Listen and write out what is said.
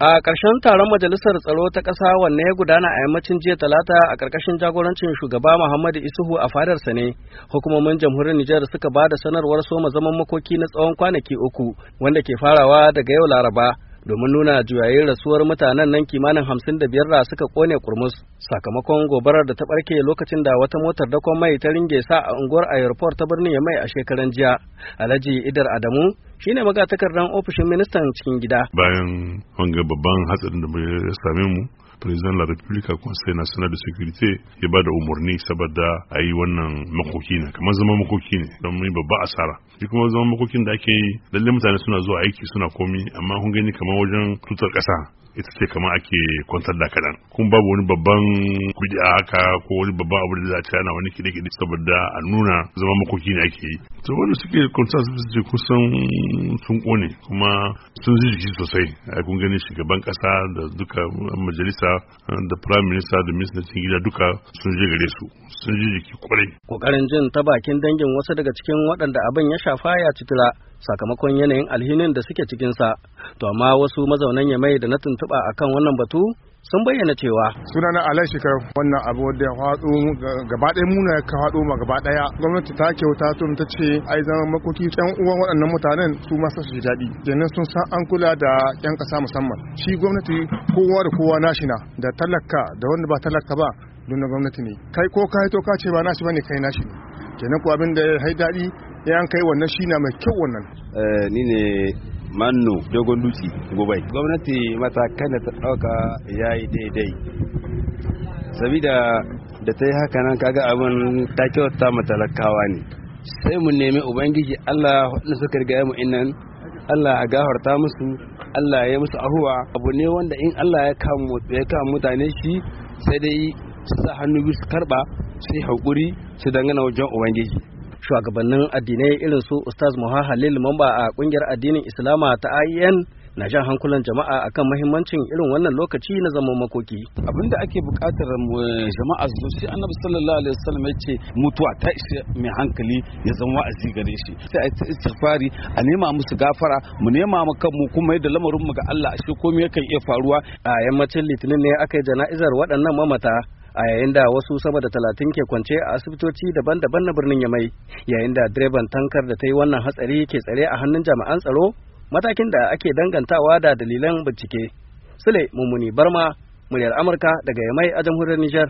A ƙarshen taron Majalisar Tsaro ta ƙasa wanne ya gudana a yammacin jiya talata a ƙarƙashin jagorancin shugaba Muhammadu Isuhu a fadarsa ne, hukumomin jamhuriyar Nijar suka ba da sanarwar soma zaman makoki na tsawon kwanaki uku wanda ke farawa daga yau Laraba. domin nuna juyayin rasuwar mutanen nan kimanin hamsin da biyar da suka kone kurmus sakamakon gobarar da ta barke lokacin da wata motar dakon mai ta ringe sa a unguwar airport ta birnin ya mai a shekaran jiya alhaji idar adamu shine magatakardan ofishin ministan cikin gida bayan wanga babban hatsarin da ya same mu president de la republika conseil national de sécurité ya ba da umarni saboda a yi wannan makoki ne kamar zama makoki ne don mai babba asara shi kuma zama makokin da ake yi lalle mutane suna zuwa aiki suna komi amma kun gani kamar wajen tutar kasa ita ce kamar ake kwantar da kaɗan kun babu wani babban kudi a haka ko wani babban abu da za a ci ana wani kide-kide saboda a nuna zama makoki ne ake yi to wanda suke kwanta su kusan sun kone kuma sun ji jiki sosai a kun gani shugaban kasa da duka majalisa da prime minister da cikin gida duka sun je gare su sun ji jiki kwarai kokarin jin ta bakin dangin wasu daga cikin waɗanda abin ya shafa ya citila sakamakon yanayin alhinin da suke cikinsa to amma wasu mazaunan yamai da na tuntuɓa akan wannan batu sun bayyana cewa suna na alai shekar wannan abu da ya faɗo gaba ɗaya muna ya faɗo ma gaba ɗaya gwamnati ta kyauta tun ta ce ai zama makoki ƴan uwan waɗannan mutanen su ma su daɗi kenan sun san an kula da ƴan ƙasa musamman shi gwamnati kowa da kowa nashi na da talaka da wanda ba talaka ba don gwamnati ne kai ko ka to ka ce ba nashi bane kai nashi ne kenan ko abin da ya daɗi ya an kai wannan shi na mai kyau wannan eh, ni ne manno dogon dutse gobai gwamnati matakan da ta ɗauka ya yi daidai sabida da ta yi haka nan kaga abin ta kyauta matalakawa ne sai mu nemi ubangiji allah waɗanda suka riga mu innan allah a gafarta musu allah ya musu ahuwa abu ne wanda in allah ya kama mutane shi sai dai su sa hannu biyu su karba su yi haƙuri su dangana wajen ubangiji shugabannin addinai irin su Ustaz Muha Halil mamba a kungiyar addinin Islama ta IEN na jan hankulan jama'a akan muhimmancin irin wannan lokaci na zaman makoki abinda ake buƙatar jama'a su sai annabi sallallahu alaihi wasallam ya ce mutuwa ta ishe mai hankali ya zama wa'azi gare shi sai a istighfari a nema musu gafara mu nema mu kanmu kuma yadda lamarin mu ga Allah shi komai yakan iya faruwa a yammacin litinin ne aka yi jana'izar waɗannan mamata a yayin da wasu sama da talatin ke kwance a asibitoci daban-daban na birnin ya mai yayin da direban tankar da ta yi wannan hatsari ke tsare a hannun jami'an tsaro matakin da ake dangantawa da dalilan bincike. Sule Mummuni Barma, muryar Amurka daga Yamai a jamhuriyar Nijar.